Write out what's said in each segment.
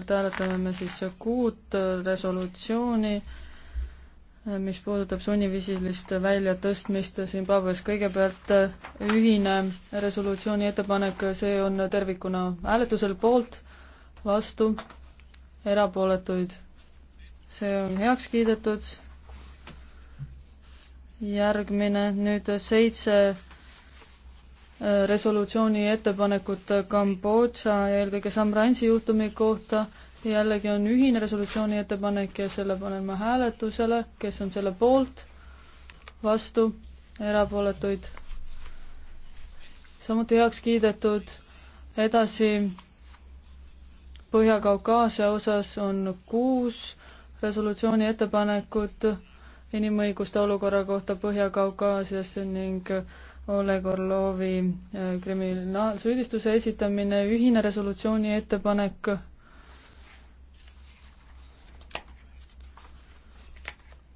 hääletame me siis kuut resolutsiooni, mis puudutab sunniviisilist väljatõstmist Zimbabwe's. kõigepealt ühine resolutsiooni ettepanek, see on tervikuna hääletusel poolt, vastu, erapooletuid. see on heaks kiidetud. järgmine nüüd seitse resolutsiooni ettepanekut Kambodža ja eelkõige Sam Rainsi juhtumi kohta. jällegi on ühine resolutsiooni ettepanek ja selle panen ma hääletusele, kes on selle poolt, vastu, erapooletuid. samuti heaks kiidetud, edasi Põhja-Kaukaasia osas on kuus resolutsiooni ettepanekut inimõiguste olukorra kohta Põhja-Kaukaasias ning äh, Oleg Orlovi äh, kriminaalsüüdistuse esitamine, ühine resolutsiooni ettepanek.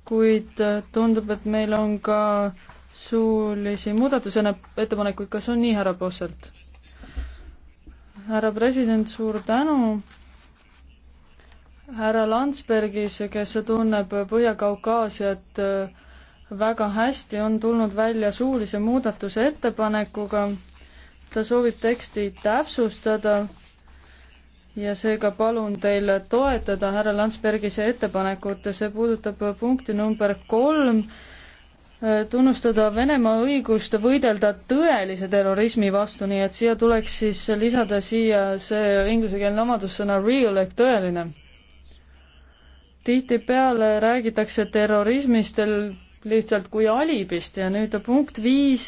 kuid äh, tundub, et meil on ka suulisi muudatusena ettepanekuid, kas on nii, härra Posselt? härra president, suur tänu härra Landsbergis, kes tunneb Põhja-Kaukaasiat äh, väga hästi, on tulnud välja suulise muudatuse ettepanekuga. ta soovib teksti täpsustada ja seega palun teil toetada härra Landsbergise ettepanekut, see puudutab punkti number kolm, tunnustada Venemaa õigust võidelda tõelise terrorismi vastu, nii et siia tuleks siis lisada siia see inglisekeelne omadussõna real ehk tõeline. tihtipeale räägitakse terrorismist lihtsalt kui alibist ja nüüd punkt viis,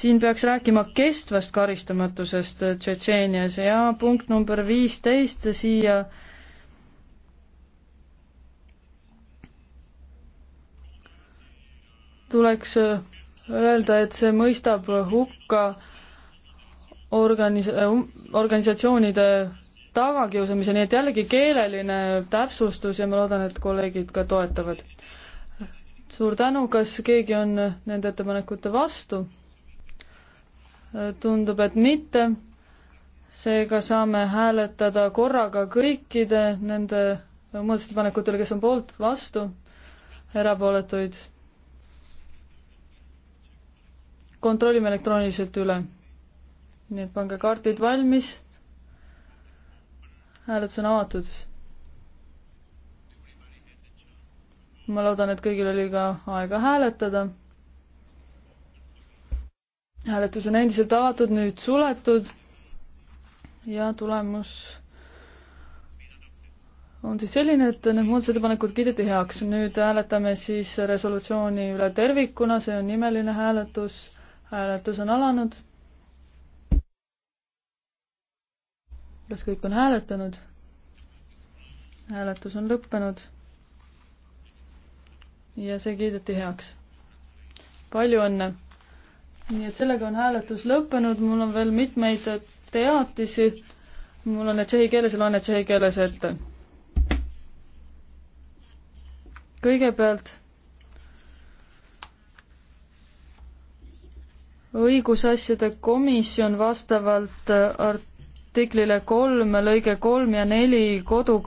siin peaks rääkima kestvast karistamatusest Tšetšeenias ja punkt number viisteist siia tuleks öelda, et see mõistab hukka organis-, um, organisatsioonide tagakiusamise, nii et jällegi keeleline täpsustus ja ma loodan, et kolleegid ka toetavad suur tänu, kas keegi on nende ettepanekute vastu? tundub, et mitte. seega saame hääletada korraga kõikide nende muudatusettepanekute üle, kes on poolt, vastu, erapooletuid. kontrollime elektrooniliselt üle. nii et pange kaardid valmis. hääletus on avatud ma loodan, et kõigil oli ka aega hääletada. hääletus on endiselt avatud, nüüd suletud ja tulemus on siis selline, et need muudatusettepanekud kiideti heaks. nüüd hääletame siis resolutsiooni üle tervikuna, see on nimeline hääletus. hääletus on alanud. kas kõik on hääletanud? hääletus on lõppenud ja see kiideti heaks. palju õnne! nii et sellega on hääletus lõppenud, mul on veel mitmeid teatisi. mul on need tšehhi keeles ja loen need tšehhi keeles ette. kõigepealt õigusasjade komisjon vastavalt artiklile kolm, lõige kolm ja neli kodu